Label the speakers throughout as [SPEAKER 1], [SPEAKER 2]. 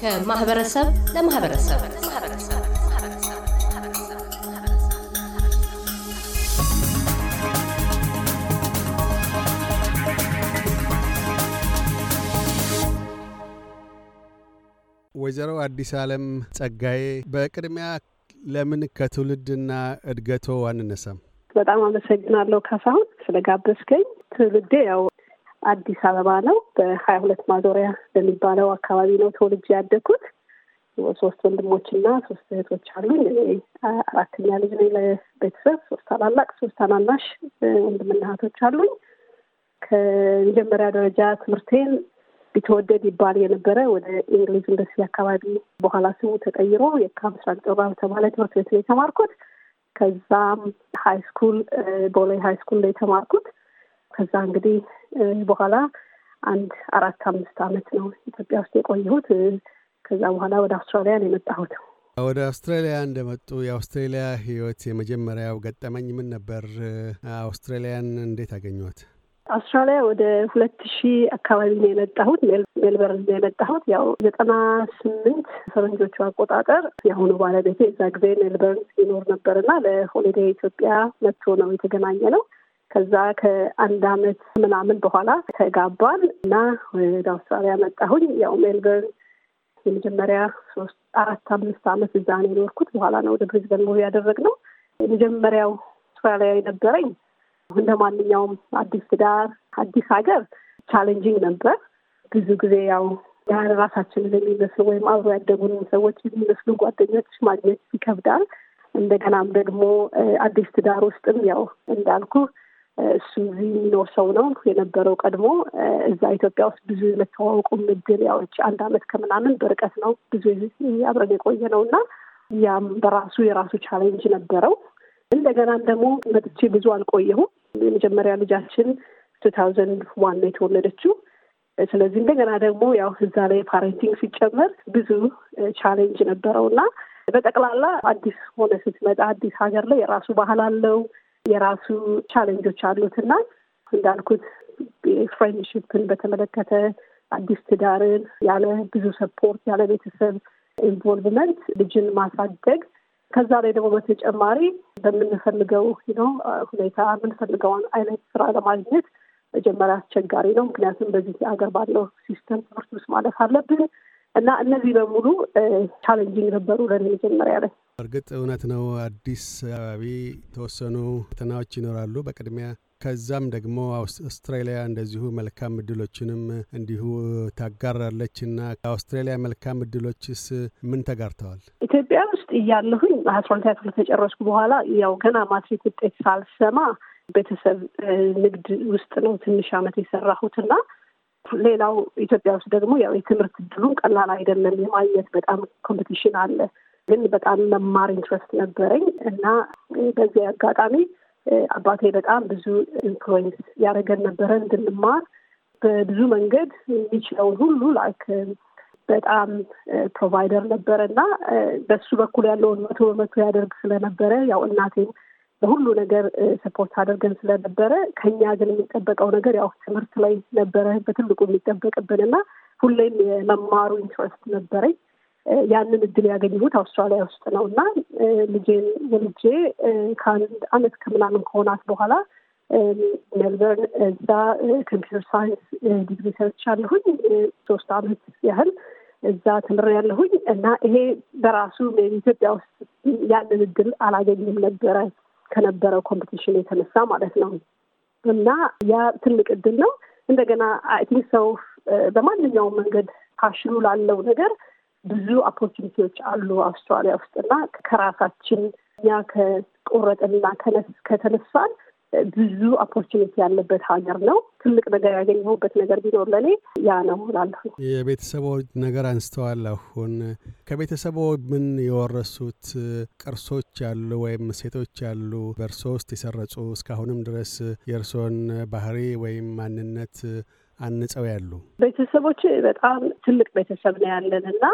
[SPEAKER 1] ከማህበረሰብ ለማህበረሰብ
[SPEAKER 2] ወይዘሮ አዲስ አለም ጸጋዬ በቅድሚያ ለምን ከትውልድና እድገቶ አንነሳም?
[SPEAKER 1] በጣም አመሰግናለሁ ካሳሁን ስለጋበዝከኝ። ትውልዴ ያው አዲስ አበባ ነው። በሀያ ሁለት ማዞሪያ በሚባለው አካባቢ ነው ተወልጄ ያደግኩት። ሶስት ወንድሞችና ሶስት እህቶች አሉ። አራተኛ ልጅ ነኝ ለቤተሰብ። ሶስት ታላላቅ፣ ሶስት ታናናሽ ወንድምና እህቶች አሉኝ። ከመጀመሪያ ደረጃ ትምህርቴን ቢተወደድ ይባል የነበረ ወደ እንግሊዝ ዩኒቨርሲቲ አካባቢ በኋላ ስሙ ተቀይሮ የካ ምስራቅ ጮራ በተባለ ትምህርት ቤት ነው የተማርኩት። ከዛም ሀይ ስኩል ቦሌ ሀይ ስኩል ነው የተማርኩት። ከዛ እንግዲህ በኋላ አንድ አራት አምስት ዓመት ነው ኢትዮጵያ ውስጥ የቆየሁት። ከዛ በኋላ ወደ አውስትራሊያ ነው የመጣሁት።
[SPEAKER 2] ወደ አውስትራሊያ እንደመጡ የአውስትራሊያ ህይወት የመጀመሪያው ገጠመኝ ምን ነበር? አውስትራሊያን እንዴት አገኘት?
[SPEAKER 1] አውስትራሊያ ወደ ሁለት ሺህ አካባቢ ነው የመጣሁት። ሜልበርን ነው የመጣሁት። ያው ዘጠና ስምንት ፈረንጆቹ አቆጣጠር የአሁኑ ባለቤቴ እዛ ጊዜ ሜልበርን ሲኖር ነበርና ለሆሊዴይ ኢትዮጵያ መጥቶ ነው የተገናኘ ነው። ከዛ ከአንድ አመት ምናምን በኋላ ተጋባን እና ወደ አውስትራሊያ መጣሁኝ። ያው ሜልበርን የመጀመሪያ ሶስት አራት አምስት አመት እዛ ነው የኖርኩት። በኋላ ነው ወደ ብሪዝበን ሙቭ ያደረግነው። የመጀመሪያው አውስትራሊያ የነበረኝ እንደ ማንኛውም አዲስ ትዳር አዲስ ሀገር ቻሌንጂንግ ነበር። ብዙ ጊዜ ያው ያን ራሳችንን የሚመስሉ ወይም አብሮ ያደጉን ሰዎች የሚመስሉ ጓደኞች ማግኘት ይከብዳል። እንደገናም ደግሞ አዲስ ትዳር ውስጥም ያው እንዳልኩ እሱ እዚህ የሚኖር ሰው ነው የነበረው ቀድሞ እዛ ኢትዮጵያ ውስጥ ብዙ የመተዋወቁ ምድር ያዎች አንድ አመት ከምናምን በርቀት ነው ብዙ አብረን የቆየ ነው እና ያም በራሱ የራሱ ቻሌንጅ ነበረው። እንደገና ደግሞ መጥቼ ብዙ አልቆየሁም። የመጀመሪያ ልጃችን ቱ ታውዘንድ ዋን ነው የተወለደችው። ስለዚህ እንደገና ደግሞ ያው እዛ ላይ ፓሬንቲንግ ሲጨመር ብዙ ቻሌንጅ ነበረው እና በጠቅላላ አዲስ ሆነ ስትመጣ አዲስ ሀገር ላይ የራሱ ባህል አለው የራሱ ቻለንጆች አሉትና እንዳልኩት ፍሬንድሽፕን በተመለከተ አዲስ ትዳርን ያለ ብዙ ሰፖርት ያለ ቤተሰብ ኢንቮልቭመንት ልጅን ማሳደግ ከዛ ላይ ደግሞ በተጨማሪ በምንፈልገው ነው ሁኔታ የምንፈልገውን አይነት ስራ ለማግኘት መጀመሪያ አስቸጋሪ ነው። ምክንያቱም በዚህ ሀገር ባለው ሲስተም ትምህርት ውስጥ ማለፍ አለብን እና እነዚህ በሙሉ ቻለንጂንግ ነበሩ ለኔ መጀመሪያ ላይ።
[SPEAKER 2] እርግጥ እውነት ነው። አዲስ አበቢ የተወሰኑ ፈተናዎች ይኖራሉ። በቅድሚያ ከዛም ደግሞ አውስትራሊያ እንደዚሁ መልካም እድሎችንም እንዲሁ ታጋራለች እና ከአውስትራሊያ መልካም እድሎችስ ምን ተጋርተዋል?
[SPEAKER 1] ኢትዮጵያ ውስጥ እያለሁኝ አስራ ሁለተኛ ክፍል ተጨረስኩ በኋላ ያው ገና ማትሪክ ውጤት ሳልሰማ ቤተሰብ ንግድ ውስጥ ነው ትንሽ አመት የሰራሁት እና ሌላው ኢትዮጵያ ውስጥ ደግሞ ያው የትምህርት እድሉን ቀላል አይደለም የማግኘት በጣም ኮምፒቲሽን አለ ግን በጣም መማር ኢንትረስት ነበረኝ እና በዚህ አጋጣሚ አባቴ በጣም ብዙ ኢንፍሉዌንስ ያደረገን ነበረ እንድንማር በብዙ መንገድ የሚችለውን ሁሉ ላይክ በጣም ፕሮቫይደር ነበረ እና በሱ በኩል ያለውን መቶ በመቶ ያደርግ ስለነበረ ያው እናቴም በሁሉ ነገር ሰፖርት አድርገን ስለነበረ ከኛ ግን የሚጠበቀው ነገር ያው ትምህርት ላይ ነበረ በትልቁ የሚጠበቅብን እና ሁሌም የመማሩ ኢንትረስት ነበረኝ። ያንን እድል ያገኘሁት አውስትራሊያ ውስጥ ነው እና ልጄን የልጄ ከአንድ አመት ከምናምን ከሆናት በኋላ ሜልበርን እዛ ኮምፒውተር ሳይንስ ዲግሪ ሰርቻለሁኝ። ሶስት አመት ያህል እዛ ያለሁኝ እና ይሄ በራሱ ኢትዮጵያ ውስጥ ያንን እድል አላገኝም ነበረ ከነበረው ኮምፒቲሽን የተነሳ ማለት ነው። እና ያ ትልቅ እድል ነው። እንደገና አይ ቲንክ ሰው በማንኛውም መንገድ ፓሽኑ ላለው ነገር ብዙ ኦፖርቹኒቲዎች አሉ አውስትራሊያ ውስጥና ከራሳችን እኛ ከቆረጥና ከነስ ከተነሳን ብዙ ኦፖርቹኒቲ ያለበት ሀገር ነው። ትልቅ ነገር ያገኘሁበት ነገር ቢኖር ለእኔ ያ ነው እላለሁ።
[SPEAKER 2] የቤተሰቦ ነገር አንስተዋል። አሁን ከቤተሰቦ ምን የወረሱት ቅርሶች አሉ ወይም ሴቶች አሉ በእርሶ ውስጥ የሰረጹ እስካሁንም ድረስ የእርሶን ባህሪ ወይም ማንነት አንጸው ያሉ
[SPEAKER 1] ቤተሰቦች በጣም ትልቅ ቤተሰብ ነው ያለን እና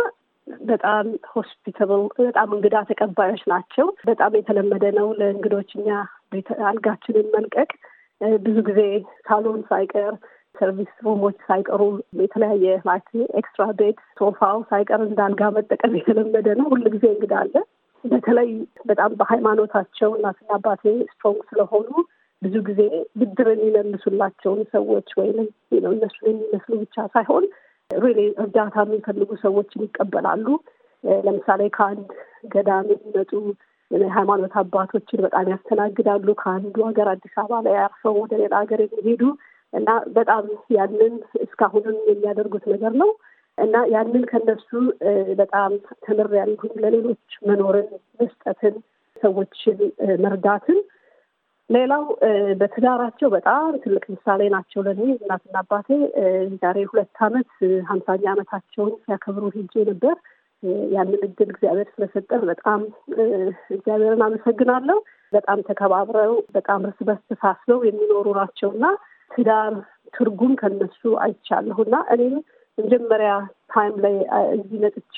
[SPEAKER 1] በጣም ሆስፒታል በጣም እንግዳ ተቀባዮች ናቸው። በጣም የተለመደ ነው ለእንግዶች እኛ አልጋችንን መልቀቅ ብዙ ጊዜ ሳሎን ሳይቀር ሰርቪስ ሩሞች ሳይቀሩ የተለያየ ማለት ኤክስትራ ቤት ሶፋው ሳይቀር እንዳልጋ መጠቀም የተለመደ ነው። ሁሉ ጊዜ እንግዳ አለ። በተለይ በጣም በሃይማኖታቸው እናትና አባቴ ስትሮንግ ስለሆኑ ብዙ ጊዜ ብድርን የሚመልሱላቸውን ሰዎች ወይም እነሱ የሚመስሉ ብቻ ሳይሆን እርዳታ የሚፈልጉ ሰዎችን ይቀበላሉ። ለምሳሌ ከአንድ ገዳም የሚመጡ ሃይማኖት አባቶችን በጣም ያስተናግዳሉ። ከአንዱ ሀገር አዲስ አበባ ላይ አርፈው ወደ ሌላ ሀገር የሚሄዱ እና በጣም ያንን እስካሁንም የሚያደርጉት ነገር ነው እና ያንን ከነሱ በጣም ተምሬያለሁ። ለሌሎች መኖርን፣ መስጠትን፣ ሰዎችን መርዳትን ሌላው በትዳራቸው በጣም ትልቅ ምሳሌ ናቸው ለኔ እናትና አባቴ። ዛሬ ሁለት ዓመት ሀምሳኛ ዓመታቸውን ሲያከብሩ ሄጄ ነበር። ያንን እድል እግዚአብሔር ስለሰጠን በጣም እግዚአብሔርን አመሰግናለሁ። በጣም ተከባብረው፣ በጣም እርስ በርስ ተሳስበው የሚኖሩ ናቸው እና ትዳር ትርጉም ከነሱ አይቻለሁ እና እኔም መጀመሪያ ታይም ላይ እዚህ መጥቼ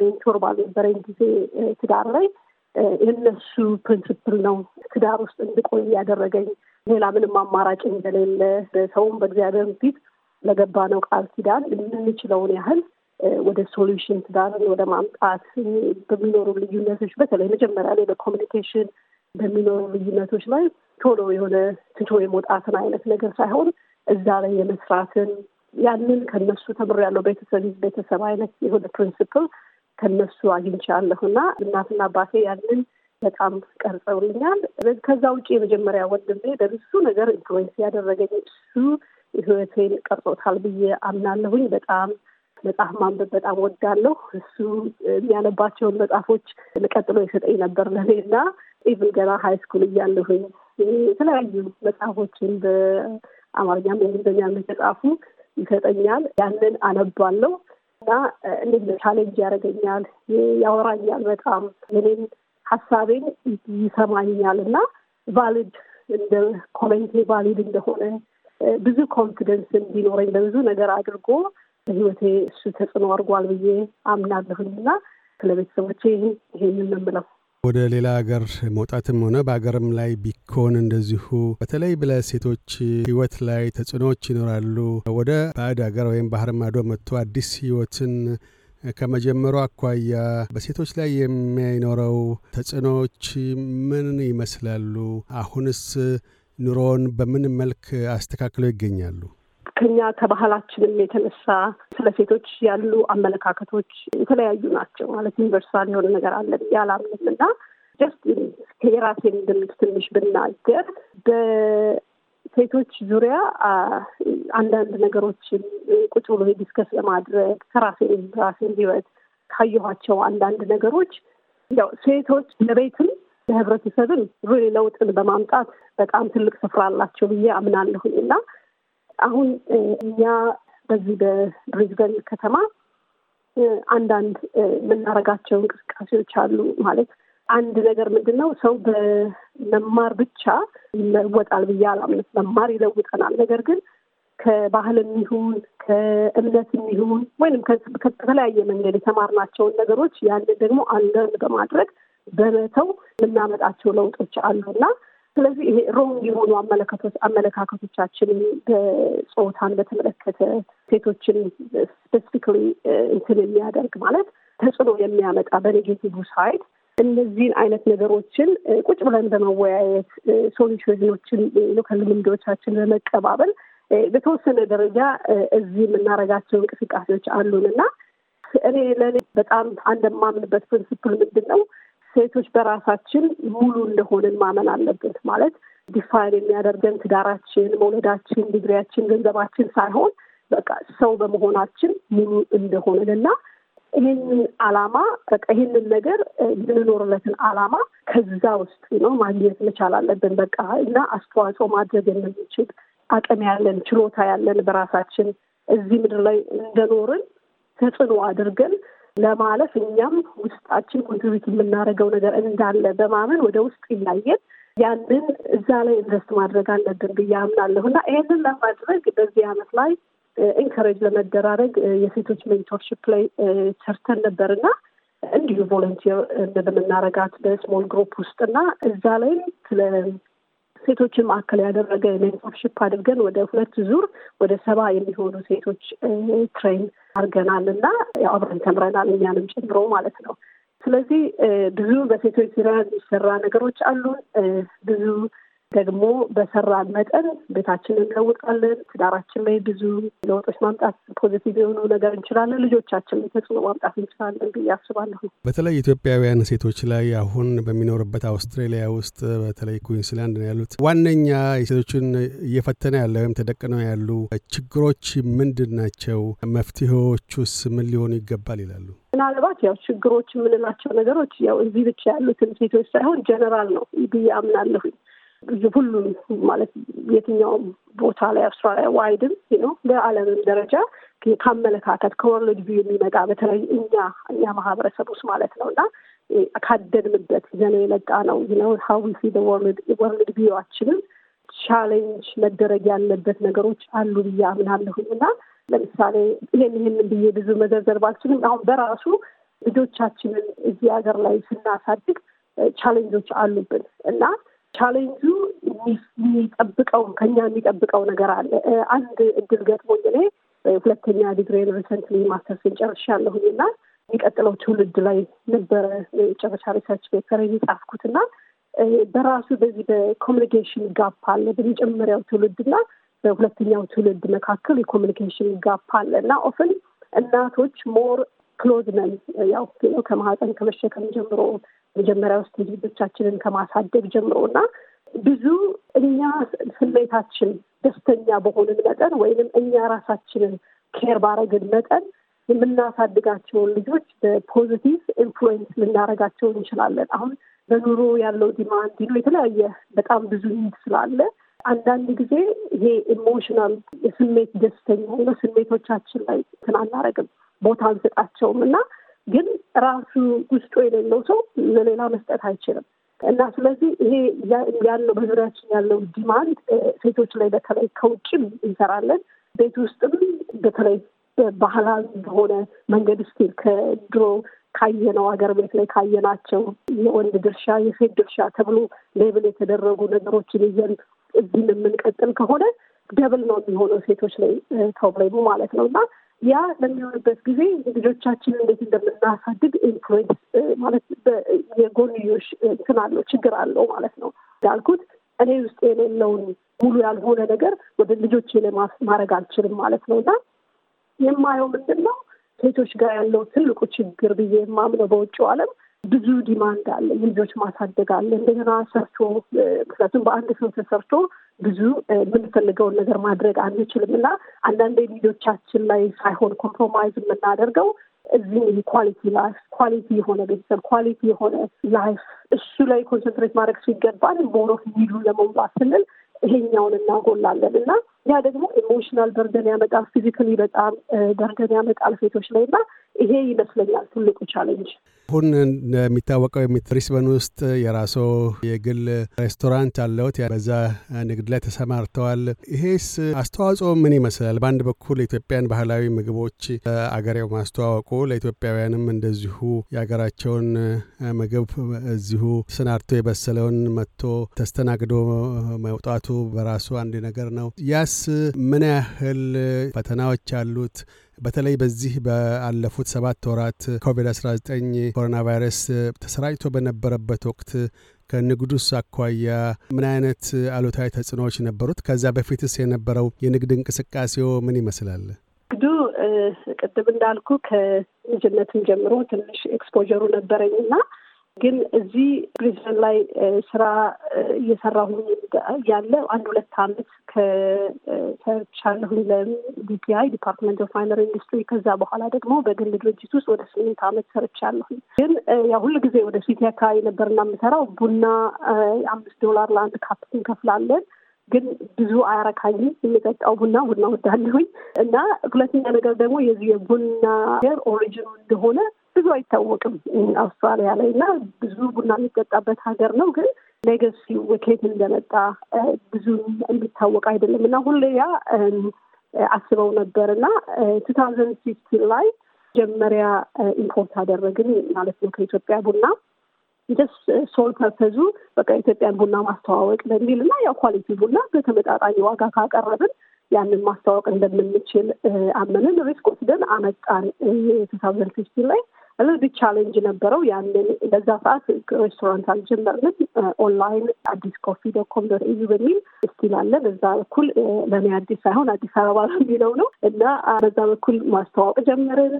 [SPEAKER 1] ሜንቶር ባልነበረኝ ጊዜ ትዳር ላይ የእነሱ ፕሪንስፕል ነው ትዳር ውስጥ እንድቆይ ያደረገኝ። ሌላ ምንም አማራጭ እንደሌለ ሰውም በእግዚአብሔር ፊት ለገባ ነው ቃል ኪዳን የምንችለውን ያህል ወደ ሶሉሽን ትዳርን ወደ ማምጣት በሚኖሩ ልዩነቶች በተለይ መጀመሪያ ላይ በኮሚኒኬሽን በሚኖሩ ልዩነቶች ላይ ቶሎ የሆነ ትቶ የመውጣትን አይነት ነገር ሳይሆን እዛ ላይ የመስራትን ያንን ከነሱ ያለው ቤተሰብ ቤተሰብ አይነት የሆነ ፕሪንስፕል ከነሱ አግኝቻለሁ እና እናትና አባቴ ያንን በጣም ቀርጸውልኛል። ከዛ ውጭ የመጀመሪያ ወንድሜ በብዙ ነገር ኢንፍሉዌንስ ያደረገኝ እሱ ህይወቴን ቀርጾታል ብዬ አምናለሁኝ። በጣም መጽሐፍ ማንበብ በጣም ወዳለሁ። እሱ የሚያነባቸውን መጽሐፎች ለቀጥሎ የሰጠኝ ነበር ለኔ እና ኢቭን ገና ሀይ ስኩል እያለሁኝ የተለያዩ መጽሐፎችን በአማርኛም በእንግሊዝኛም የተጻፉ ይሰጠኛል። ያንን አነባለሁ። እና እንዴት ቻሌንጅ ያደርገኛል፣ ያወራኛል፣ በጣም እኔም ሀሳቤን ይሰማኛል እና ቫሊድ እንደ ኮሜንቴ ቫሊድ እንደሆነ ብዙ ኮንፊደንስ እንዲኖረኝ በብዙ ነገር አድርጎ በህይወቴ እሱ ተጽዕኖ አድርጓል ብዬ አምናለሁኝ እና ስለቤተሰቦቼ ይሄንን የምለው
[SPEAKER 2] ወደ ሌላ ሀገር መውጣትም ሆነ በሀገርም ላይ ቢኮን እንደዚሁ በተለይ ለሴቶች ህይወት ላይ ተጽዕኖዎች ይኖራሉ። ወደ ባዕድ ሀገር ወይም ባህር ማዶ መጥቶ አዲስ ህይወትን ከመጀመሩ አኳያ በሴቶች ላይ የሚኖረው ተጽዕኖዎች ምን ይመስላሉ? አሁንስ ኑሮውን በምን መልክ አስተካክለው ይገኛሉ?
[SPEAKER 1] ከኛ ከባህላችንም የተነሳ ስለ ሴቶች ያሉ አመለካከቶች የተለያዩ ናቸው። ማለት ዩኒቨርሳል የሆነ ነገር አለ ያላምንም እና ጀስት የራሴ ግምት ትንሽ ብናገር በሴቶች ዙሪያ አንዳንድ ነገሮችን ቁጭ ብሎ ዲስከስ ለማድረግ ከራሴ ራሴን ህይወት ካየኋቸው አንዳንድ ነገሮች ያው ሴቶች ለቤትም ለህብረተሰብም ሩል ለውጥን በማምጣት በጣም ትልቅ ስፍራ አላቸው ብዬ አምናለሁኝ እና አሁን እኛ በዚህ በብሪዝበን ከተማ አንዳንድ የምናደርጋቸው እንቅስቃሴዎች አሉ። ማለት አንድ ነገር ምንድን ነው ሰው በመማር ብቻ ይለወጣል ብዬ አላምንም። መማር ይለውጠናል። ነገር ግን ከባህልም ይሁን ከእምነትም ይሁን ወይም ከተለያየ መንገድ የተማርናቸውን ነገሮች ያንን ደግሞ አንደን በማድረግ በመተው የምናመጣቸው ለውጦች አሉ እና ስለዚህ ይሄ ሮንግ የሆኑ አመለካከቶቻችንን በፆታን በተመለከተ ሴቶችን ስፔሲፊካሊ እንትን የሚያደርግ ማለት ተጽዕኖ የሚያመጣ በኔጌቲቭ ሳይድ እነዚህን አይነት ነገሮችን ቁጭ ብለን በመወያየት ሶሉሽኖችን ከልምዶቻችን በመቀባበል በተወሰነ ደረጃ እዚህ የምናደርጋቸው እንቅስቃሴዎች አሉን እና እኔ ለእኔ በጣም አንደማምንበት ፕሪንስፕል ምንድን ነው ሴቶች በራሳችን ሙሉ እንደሆንን ማመን አለብን። ማለት ዲፋይን የሚያደርገን ትዳራችን፣ መውለዳችን፣ ዲግሪያችን፣ ገንዘባችን ሳይሆን በቃ ሰው በመሆናችን ሙሉ እንደሆንን እና ይህንን አላማ በቃ ይህንን ነገር የምንኖርለትን አላማ ከዛ ውስጥ ነው ማግኘት መቻል አለብን። በቃ እና አስተዋጽኦ ማድረግ የምንችል አቅም ያለን ችሎታ ያለን በራሳችን እዚህ ምድር ላይ እንደኖርን ተጽዕኖ አድርገን ለማለፍ እኛም ውስጣችን ኮንትሪቢዩት የምናደርገው ነገር እንዳለ በማመን ወደ ውስጥ ይላየን ያንን እዛ ላይ ኢንቨስት ማድረግ አለብን ብዬ አምናለሁ እና ይህንን ለማድረግ በዚህ አመት ላይ ኢንከሬጅ ለመደራረግ የሴቶች ሜንቶርሽፕ ላይ ሰርተን ነበር እና እንዲሁ ቮለንቲር እንደምናረጋት በስሞል ግሩፕ ውስጥ እና እዛ ላይም ስለ ሴቶችን ማዕከል ያደረገ ሜንቶርሽፕ አድርገን ወደ ሁለት ዙር ወደ ሰባ የሚሆኑ ሴቶች ትሬን አድርገናል እና አብረን ተምረናል እኛንም ጨምሮ ማለት ነው። ስለዚህ ብዙ በሴቶች ዙሪያ የሚሰራ ነገሮች አሉ ብዙ ደግሞ በሰራን መጠን ቤታችንን እንለውጣለን። ትዳራችን ላይ ብዙ ለውጦች ማምጣት ፖዚቲቭ የሆኑ ነገር እንችላለን። ልጆቻችን ላይ ተጽዕኖ ማምጣት እንችላለን ብዬ አስባለሁ።
[SPEAKER 2] በተለይ ኢትዮጵያውያን ሴቶች ላይ አሁን በሚኖርበት አውስትራሊያ ውስጥ በተለይ ኩዊንስላንድ ነው ያሉት ዋነኛ የሴቶችን እየፈተነ ያለ ወይም ተደቅነው ያሉ ችግሮች ምንድን ናቸው? መፍትሄዎቹስ ምን ሊሆኑ ይገባል ይላሉ።
[SPEAKER 1] ምናልባት ያው ችግሮች የምንላቸው ነገሮች ያው እዚህ ብቻ ያሉትን ሴቶች ሳይሆን ጀነራል ነው ብዬ አምናለሁኝ። ሁሉም ማለት የትኛውም ቦታ ላይ አውስትራሊያ ዋይድም ነው በዓለምም ደረጃ ከአመለካከት ከወርልድ ቪው የሚመጣ በተለይ እኛ እኛ ማህበረሰብ ውስጥ ማለት ነው እና ካደግንበት ዘና የመጣ ነው ነው ሀዊ ሲ ወርልድ ቪዋችንም ቻሌንጅ መደረግ ያለበት ነገሮች አሉ ብዬ አምናለሁኝ እና ለምሳሌ ይህን ይህንን ብዬ ብዙ መዘርዘር ባልችልም አሁን በራሱ ልጆቻችንን እዚህ ሀገር ላይ ስናሳድግ ቻሌንጆች አሉብን እና ቻሌንጁ የሚጠብቀው ከኛ የሚጠብቀው ነገር አለ። አንድ እድል ገጥሞኝ እኔ ሁለተኛ ዲግሪን ሪሰንትሊ ማስተርስን ጨርሻለሁኝ እና የሚቀጥለው ትውልድ ላይ ነበረ የመጨረሻ ሪሰርች ፔፐር የጻፍኩት እና በራሱ በዚህ በኮሚኒኬሽን ጋፕ አለ በመጀመሪያው ትውልድ ትውልድና በሁለተኛው ትውልድ መካከል የኮሚኒኬሽን ጋፕ አለ እና ኦፍን እናቶች ሞር ክሎዝ ነን ያው ከማህፀን ከመሸከም ጀምሮ መጀመሪያ ውስጥ ልጆቻችንን ከማሳደግ ጀምሮና ብዙ እኛ ስሜታችን ደስተኛ በሆንን መጠን ወይንም እኛ ራሳችንን ኬር ባረግን መጠን የምናሳድጋቸውን ልጆች በፖዚቲቭ ኢንፍሉዌንስ ልናደርጋቸው እንችላለን። አሁን በኑሮ ያለው ዲማንድ ነው የተለያየ በጣም ብዙ ኒድ ስላለ አንዳንድ ጊዜ ይሄ ኢሞሽናል የስሜት ደስተኛ ሆነ ስሜቶቻችን ላይ እንትን አናደርግም ቦታ አንሰጣቸውም እና ግን ራሱ ውስጡ የሌለው ሰው ለሌላ መስጠት አይችልም። እና ስለዚህ ይሄ ያለው በዙሪያችን ያለው ዲማንድ ሴቶች ላይ በተለይ ከውጭም እንሰራለን፣ ቤት ውስጥም በተለይ ባህላዊ በሆነ መንገድ ስቲል ከድሮ ካየነው ሀገር ቤት ላይ ካየናቸው የወንድ ድርሻ የሴት ድርሻ ተብሎ ሌብል የተደረጉ ነገሮችን ይዘን እዚህም የምንቀጥል ከሆነ ደብል ነው የሚሆነው ሴቶች ላይ ፕሮብሌሙ ማለት ነው እና ያ በሚሆንበት ጊዜ ልጆቻችን እንዴት እንደምናሳድግ ኢንክሬድ ማለት የጎንዮሽ እንትን አለው ችግር አለው ማለት ነው። እንዳልኩት እኔ ውስጥ የሌለውን ሙሉ ያልሆነ ነገር ወደ ልጆቼ ላይ ማድረግ አልችልም ማለት ነው እና የማየው ምንድን ነው ሴቶች ጋር ያለው ትልቁ ችግር ብዬ የማምነው በውጭው ዓለም ብዙ ዲማንድ አለ። የልጆች ማሳደግ አለ። እንደገና ሰርቶ ምክንያቱም በአንድ ሰው ተሰርቶ ብዙ የምንፈልገውን ነገር ማድረግ አንችልም እና አንዳንዴ ልጆቻችን ላይ ሳይሆን ኮምፕሮማይዝ የምናደርገው እዚህ ይህ ኳሊቲ ላይፍ ኳሊቲ የሆነ ቤተሰብ ኳሊቲ የሆነ ላይፍ እሱ ላይ ኮንሰንትሬት ማድረግ ሲገባን ሞሮፍ ሚሉ ለመውጣት ስንል ይሄኛውን እናጎላለን እና ያ ደግሞ ኢሞሽናል በርደን ያመጣል። ፊዚካሊ በጣም በርደን ያመጣል ሴቶች ላይ እና ይሄ ይመስለኛል ትልቁ ቻለንጅ።
[SPEAKER 2] አሁን እንደሚታወቀው ብሪስበን ውስጥ የራሶ የግል ሬስቶራንት አለዎት፣ በዛ ንግድ ላይ ተሰማርተዋል። ይሄስ አስተዋጽኦ ምን ይመስላል? በአንድ በኩል ኢትዮጵያን ባህላዊ ምግቦች አገሬው ማስተዋወቁ፣ ለኢትዮጵያውያንም እንደዚሁ የሀገራቸውን ምግብ እዚሁ ስናርቶ የበሰለውን መጥቶ ተስተናግዶ መውጣቱ በራሱ አንድ ነገር ነው። ያስ ምን ያህል ፈተናዎች አሉት? በተለይ በዚህ ባለፉት ሰባት ወራት ኮቪድ-19 ኮሮና ቫይረስ ተሰራጭቶ በነበረበት ወቅት ከንግዱስ አኳያ ምን አይነት አሉታዊ ተጽዕኖዎች ነበሩት? ከዛ በፊትስ የነበረው የንግድ እንቅስቃሴው ምን ይመስላል?
[SPEAKER 1] ንግዱ ቅድም እንዳልኩ ከልጅነትም ጀምሮ ትንሽ ኤክስፖጀሩ ነበረኝ እና ግን እዚህ ፕሬዚደንት ላይ ስራ እየሰራሁ ያለ አንድ ሁለት አመት ከሰርቻለሁኝ ለዲፒአይ ዲፓርትመንት ኦፍ ማይነር ኢንዱስትሪ። ከዛ በኋላ ደግሞ በግል ድርጅት ውስጥ ወደ ስምንት አመት ሰርቻለሁኝ። ግን ያ ሁሉ ጊዜ ወደ ሲቲ አካባቢ ነበርና የምሰራው ቡና አምስት ዶላር ለአንድ ካፕ እንከፍላለን ግን ብዙ አያረካኝም። የሚጠጣው ቡና ቡና ወዳለሁኝ እና ሁለተኛ ነገር ደግሞ የዚህ የቡና ኦሪጂኑ እንደሆነ ብዙ አይታወቅም አውስትራሊያ ላይ እና ብዙ ቡና የሚጠጣበት ሀገር ነው ግን ሌገሲ ወኬት እንደመጣ ብዙ የሚታወቅ አይደለም እና ሁሌ ያ አስበው ነበር እና ቱ ታውዘንድ ፊፍቲን ላይ መጀመሪያ ኢምፖርት አደረግን ማለት ነው ከኢትዮጵያ ቡና ጀስ ሶል ፐርፐዙ በቃ ኢትዮጵያን ቡና ማስተዋወቅ በሚል እና ያው ኳሊቲ ቡና በተመጣጣኝ ዋጋ ካቀረብን ያንን ማስተዋወቅ እንደምንችል አመንን። ሪስክ ወስደን አመጣን ቱ ታውዘንድ ፊፍቲን ላይ ስለዚህ ቻሌንጅ ነበረው። ያንን በዛ ሰዓት ሬስቶራንት አልጀመርንም። ኦንላይን አዲስ ኮፊ ዶኮም ኮም ዶት ኢዩ በሚል ስቲል አለ። በዛ በኩል ለእኔ አዲስ ሳይሆን አዲስ አበባ የሚለው ነው እና በዛ በኩል ማስተዋወቅ ጀመርን።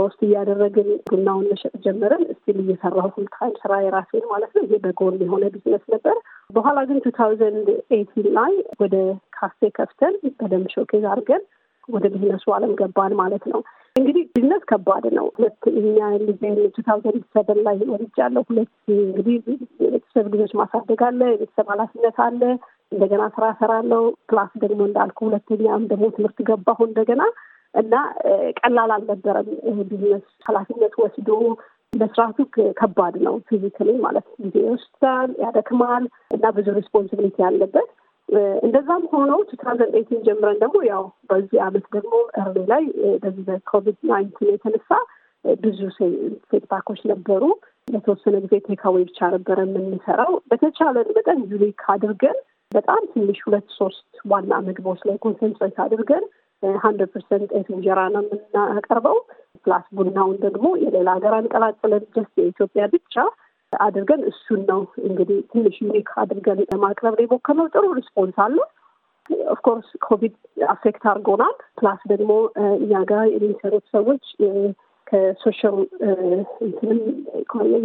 [SPEAKER 1] ሮስት እያደረግን ቡናውን መሸጥ ጀመርን። እስቲል እየሰራሁ ፉል ታይም ስራ የራሴን ማለት ነው። ይሄ በጎን የሆነ ቢዝነስ ነበር። በኋላ ግን ቱ ታውዘንድ ኤይቲን ላይ ወደ ካፌ ከፍተን በደንብ ሾኬዝ አድርገን ወደ ቢዝነሱ አለም ገባን ማለት ነው። እንግዲህ ቢዝነስ ከባድ ነው። ሁለት እኛ ልጅ ቱ ታውዘንድ ሰቨን ላይ ወልጃለሁ። ሁለት እንግዲህ የቤተሰብ ልጆች ማሳደግ አለ፣ የቤተሰብ ኃላፊነት አለ። እንደገና ስራ ሰራለው። ፕላስ ደግሞ እንዳልኩ ሁለተኛም ደግሞ ትምህርት ገባሁ እንደገና እና ቀላል አልነበረም። ቢዝነስ ኃላፊነት ወስዶ መስራቱ ከባድ ነው። ፊዚክሊ ማለት ጊዜ ይወስዳል፣ ያደክማል እና ብዙ ሪስፖንሲቢሊቲ ያለበት እንደዛም ሆኖ ቱ ታውዘንድ ኤይቲን ጀምረን ደግሞ ያው በዚህ አመት ደግሞ እርሜ ላይ በዚህ በኮቪድ ናይንቲን የተነሳ ብዙ ሴትባኮች ነበሩ። ለተወሰነ ጊዜ ቴካዌ ብቻ ነበረ የምንሰራው። በተቻለን መጠን ዩኒክ አድርገን በጣም ትንሽ ሁለት ሶስት ዋና ምግቦች ላይ ኮንሰንትሬት አድርገን ሀንድረድ ፐርሰንት ኤት እንጀራ ነው የምናቀርበው። ፕላስ ቡናውን ደግሞ የሌላ ሀገር አንቀላቅለን ጀስት የኢትዮጵያ ብቻ አድርገን እሱን ነው እንግዲህ ትንሽ ዩኒክ አድርገን ለማቅረብ ነው የሞከርነው። ጥሩ ሪስፖንስ አለ። ኦፍኮርስ ኮቪድ አፌክት አድርጎናል። ፕላስ ደግሞ እኛ ጋር የሚሰሩት ሰዎች ከሶሻል እንትንም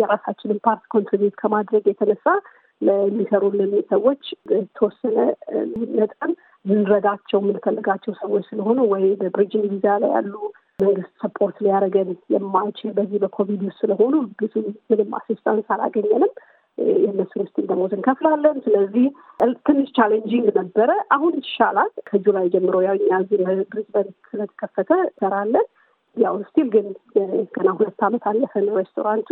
[SPEAKER 1] የራሳችንን ፓርት ኮንትሪቢዩት ከማድረግ የተነሳ ለሚሰሩልን ሰዎች ተወሰነ መጠን ልንረዳቸው የምንፈልጋቸው ሰዎች ስለሆኑ ወይ በብሪጅን ቪዛ ላይ ያሉ መንግስት ሰፖርት ሊያደርገን የማይችል በዚህ በኮቪድ ስለሆኑ ብዙ ምንም አሲስታንስ አላገኘንም። የእነሱን ውስጥ ደሞዝ እንከፍላለን። ስለዚህ ትንሽ ቻሌንጂንግ ነበረ። አሁን ይሻላል። ከጁላይ ጀምሮ ያው እኛ እዚህ ብሪዝበን ስለተከፈተ ሰራለን። ያው ስቲል ግን ገና ሁለት ዓመት አለፈን። ሬስቶራንቱ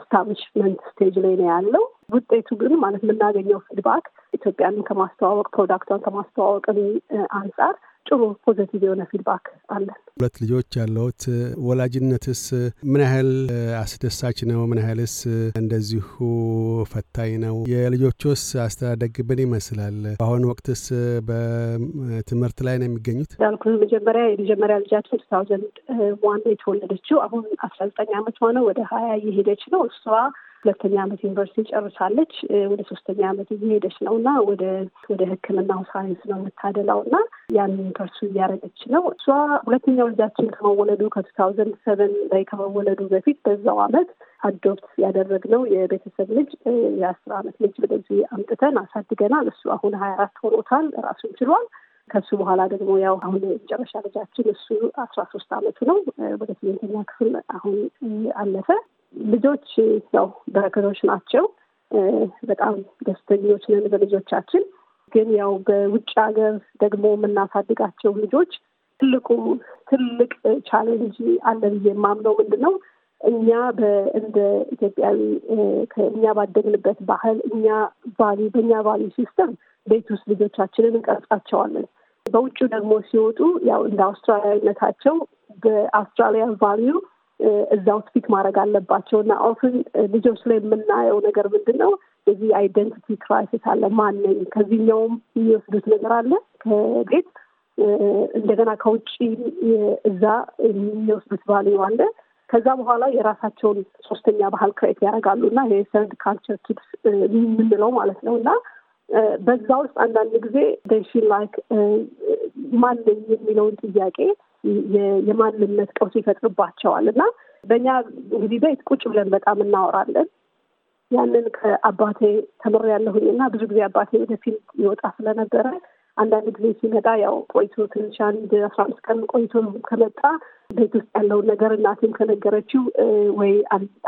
[SPEAKER 1] ኤስታብሊሽመንት ስቴጅ ላይ ነው ያለው። ውጤቱ ግን ማለት የምናገኘው ፊድባክ ኢትዮጵያንን ከማስተዋወቅ ፕሮዳክቷን ከማስተዋወቅም አንጻር ጥሩ ፖዘቲቭ የሆነ ፊድባክ
[SPEAKER 2] አለን። ሁለት ልጆች ያለዎት፣ ወላጅነትስ ምን ያህል አስደሳች ነው? ምን ያህልስ እንደዚሁ ፈታኝ ነው? የልጆቹስ አስተዳደግ ምን ይመስላል? በአሁኑ ወቅትስ በትምህርት ላይ ነው የሚገኙት?
[SPEAKER 1] እንዳልኩ መጀመሪያ የመጀመሪያ ልጃችን ቱ ታውዘንድ ዋን የተወለደችው አሁን አስራ ዘጠኝ አመት ሆነ ወደ ሀያ እየሄደች ነው እሷ ሁለተኛ ዓመት ዩኒቨርሲቲ ጨርሳለች። ወደ ሶስተኛ ዓመት እየሄደች ነው እና ወደ ወደ ሕክምናው ሳይንስ ነው የምታደላው እና ያንን ፐርሱ እያደረገች ነው። እሷ ሁለተኛው ልጃችን ከመወለዱ ከቱ ታውዘንድ ሰቨን ላይ ከመወለዱ በፊት በዛው ዓመት አዶፕት ያደረግነው የቤተሰብ ልጅ የአስር ዓመት ልጅ ወደዚህ አምጥተን አሳድገናል። እሱ አሁን ሀያ አራት ሆኖታል። ራሱን ችሏል። ከሱ በኋላ ደግሞ ያው አሁን የመጨረሻ ልጃችን እሱ አስራ ሶስት ዓመቱ ነው። ወደ ስምንተኛ ክፍል አሁን አለፈ። ልጆች ያው በረከቶች ናቸው። በጣም ደስተኞች ነን በልጆቻችን። ግን ያው በውጭ ሀገር ደግሞ የምናሳድጋቸው ልጆች ትልቁ ትልቅ ቻሌንጅ አለ ብዬ የማምነው ምንድን ነው እኛ እንደ ኢትዮጵያዊ እኛ ባደግንበት ባህል እኛ ባሊ በእኛ ባሊ ሲስተም ቤት ውስጥ ልጆቻችንን እንቀርጻቸዋለን። በውጭ ደግሞ ሲወጡ ያው እንደ አውስትራሊያዊነታቸው በአውስትራሊያ ቫሊዩ እዛው ስፒክ ማድረግ አለባቸው እና ኦፍን ልጆች ላይ የምናየው ነገር ምንድን ነው? የዚህ አይደንቲቲ ክራይሲስ አለ። ማን ነኝ? ከዚህኛውም የሚወስዱት ነገር አለ ከቤት እንደገና ከውጭ እዛ የሚወስዱት ቫሊዩ አለ። ከዛ በኋላ የራሳቸውን ሶስተኛ ባህል ክሬት ያደርጋሉ እና ይሄ ሰርድ ካልቸር ኪድስ የምንለው ማለት ነው እና በዛ ውስጥ አንዳንድ ጊዜ ደንሺን ላይክ ማን ነኝ የሚለውን ጥያቄ የማንነት ቀውስ ይፈጥርባቸዋል እና በእኛ እንግዲህ ቤት ቁጭ ብለን በጣም እናወራለን። ያንን ከአባቴ ተምሬያለሁኝ እና ብዙ ጊዜ አባቴ ወደ ይወጣ ስለነበረ አንዳንድ ጊዜ ሲመጣ ያው ቆይቶ ትንሽ አንድ አስራ አምስት ቀን ቆይቶ ከመጣ ቤት ውስጥ ያለውን ነገር እናቴም ከነገረችው ወይ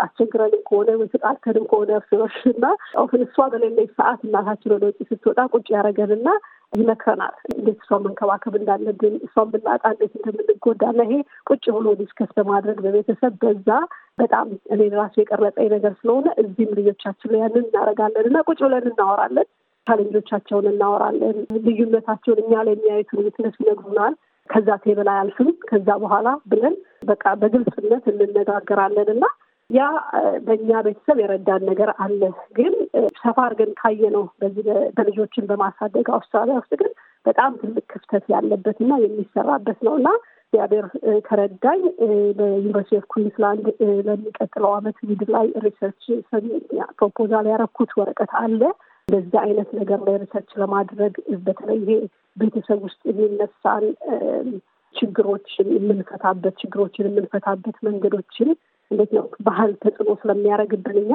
[SPEAKER 1] አስቸግረንም ከሆነ ወይ ተጣልተንም ከሆነ እርስ በርስ እና ኦፍን እሷ በሌለች ሰዓት እናታችን ወደ ውጭ ስትወጣ ቁጭ ያደረገን ያደረገንና ይመክረናል እንዴት እሷን መንከባከብ እንዳለብን እሷን ብናጣ እንዴት እንደምንጎዳ ና ይሄ ቁጭ ብሎ ዲስከስ በማድረግ በቤተሰብ በዛ በጣም እኔ ራሱ የቀረጸኝ ነገር ስለሆነ እዚህም ልጆቻችን ያንን እናደርጋለን እና ቁጭ ብለን እናወራለን። ቻሌንጆቻቸውን እናወራለን። ልዩነታቸውን እኛ ላይ የሚያዩትን ዊትነስ ይነግሩናል። ከዛ ቴብል አያልፍም ከዛ በኋላ ብለን በቃ በግልጽነት እንነጋገራለን እና ያ በእኛ ቤተሰብ የረዳን ነገር አለ። ግን ሰፋ አድርገን ካየነው በዚህ በልጆችን በማሳደግ አውስትራሊያ ውስጥ ግን በጣም ትልቅ ክፍተት ያለበት እና የሚሰራበት ነው እና እግዚአብሔር ከረዳኝ በዩኒቨርሲቲ ኦፍ ኩዊንስላንድ ለሚቀጥለው ዓመት ሚድል ላይ ሪሰርች ፕሮፖዛል ያረኩት ወረቀት አለ። እንደዛ አይነት ነገር ላይ ሪሰርች ለማድረግ በተለይ ይሄ ቤተሰብ ውስጥ የሚነሳን ችግሮችን የምንፈታበት ችግሮችን የምንፈታበት መንገዶችን እንዴት ነው ባህል ተጽዕኖ ስለሚያደርግብን እኛ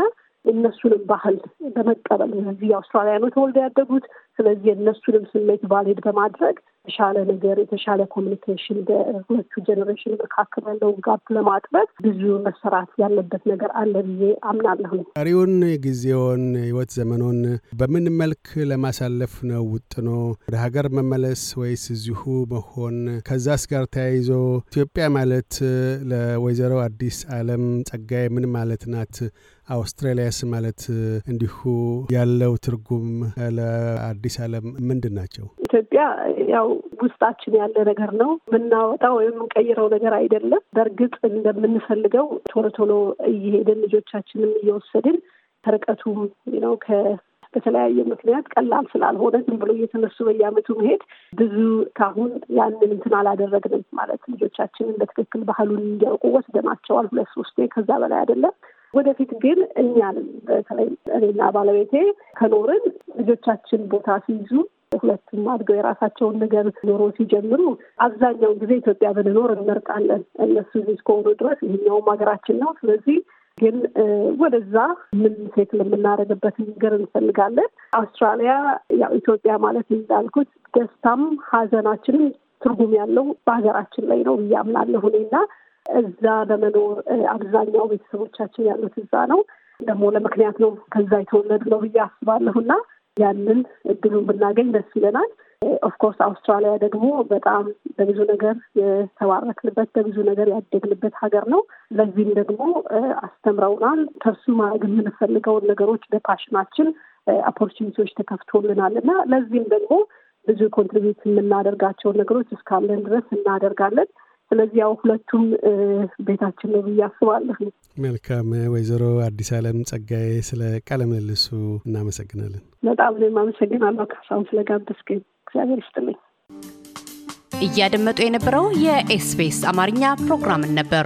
[SPEAKER 1] እነሱንም ባህል በመቀበል እዚህ አውስትራሊያ ነው ተወልደው ያደጉት ስለዚህ የእነሱንም ስሜት ቫሊድ በማድረግ የተሻለ ነገር የተሻለ ኮሚኒኬሽን በሁለቱ ጀኔሬሽን መካከል ያለውን ጋፕ ለማጥበብ ብዙ መሰራት ያለበት ነገር አለ ብዬ አምናለሁ።
[SPEAKER 2] ቀሪውን ጊዜውን ህይወት ዘመኑን በምን መልክ ለማሳለፍ ነው ውጥኖ? ወደ ሀገር መመለስ ወይስ እዚሁ መሆን? ከዛስ ጋር ተያይዞ ኢትዮጵያ ማለት ለወይዘሮ አዲስ አለም ጸጋይ ምን ማለት ናት? አውስትራሊያስ ማለት እንዲሁ ያለው ትርጉም ለአዲስ አዲስ ዓለም ምንድን ናቸው?
[SPEAKER 1] ኢትዮጵያ ያው ውስጣችን ያለ ነገር ነው። የምናወጣው ወይም የምንቀይረው ነገር አይደለም። በእርግጥ እንደምንፈልገው ቶሎ ቶሎ እየሄድን ልጆቻችንም እየወሰድን ከርቀቱም ነው በተለያየ ምክንያት ቀላል ስላልሆነ ዝም ብሎ እየተነሱ በየአመቱ መሄድ ብዙ ካሁን ያንን እንትን አላደረግንም ማለት ልጆቻችንን በትክክል ባህሉን እንዲያውቁ ወስደናቸዋል። ሁለት ሶስቴ ከዛ በላይ አይደለም። ወደፊት ግን እኛን በተለይ እኔና ባለቤቴ ከኖርን ልጆቻችን ቦታ ሲይዙ ሁለቱም አድገው የራሳቸውን ነገር ኖሮ ሲጀምሩ አብዛኛውን ጊዜ ኢትዮጵያ ብንኖር እንመርጣለን። እነሱ እዚህ እስከሆኑ ድረስ ይህኛውም ሀገራችን ነው። ስለዚህ ግን ወደዛ ምን ሴት የምናደርግበት ነገር እንፈልጋለን። አውስትራሊያ ያው ኢትዮጵያ ማለት እንዳልኩት ደስታም ሀዘናችንም ትርጉም ያለው በሀገራችን ላይ ነው ብዬ አምናለሁ እዛ በመኖር አብዛኛው ቤተሰቦቻችን ያሉት እዛ ነው። ደግሞ ለምክንያት ነው ከዛ የተወለድ ነው ብዬ አስባለሁና ያንን እድሉን ብናገኝ ደስ ይለናል። ኦፍኮርስ አውስትራሊያ ደግሞ በጣም በብዙ ነገር የተባረክንበት በብዙ ነገር ያደግንበት ሀገር ነው። ለዚህም ደግሞ አስተምረውናል። ከሱ ማድረግ የምንፈልገውን ነገሮች በፓሽናችን ኦፖርቹኒቲዎች ተከፍቶልናል እና ለዚህም ደግሞ ብዙ ኮንትሪቢዩት የምናደርጋቸውን ነገሮች እስካለን ድረስ እናደርጋለን። ስለዚህ ያው ሁለቱም ቤታችን ነው ብዬ አስባለሁ።
[SPEAKER 2] መልካም ወይዘሮ አዲስ አለም ጸጋዬ ስለ ቃለ ምልልሱ እናመሰግናለን።
[SPEAKER 1] በጣም እኔም አመሰግናለሁ ካሳሁን ስለጋበዝከኝ፣ እግዚአብሔር ይስጥልኝ። እያደመጡ የነበረው የኤስቢኤስ አማርኛ ፕሮግራምን ነበር።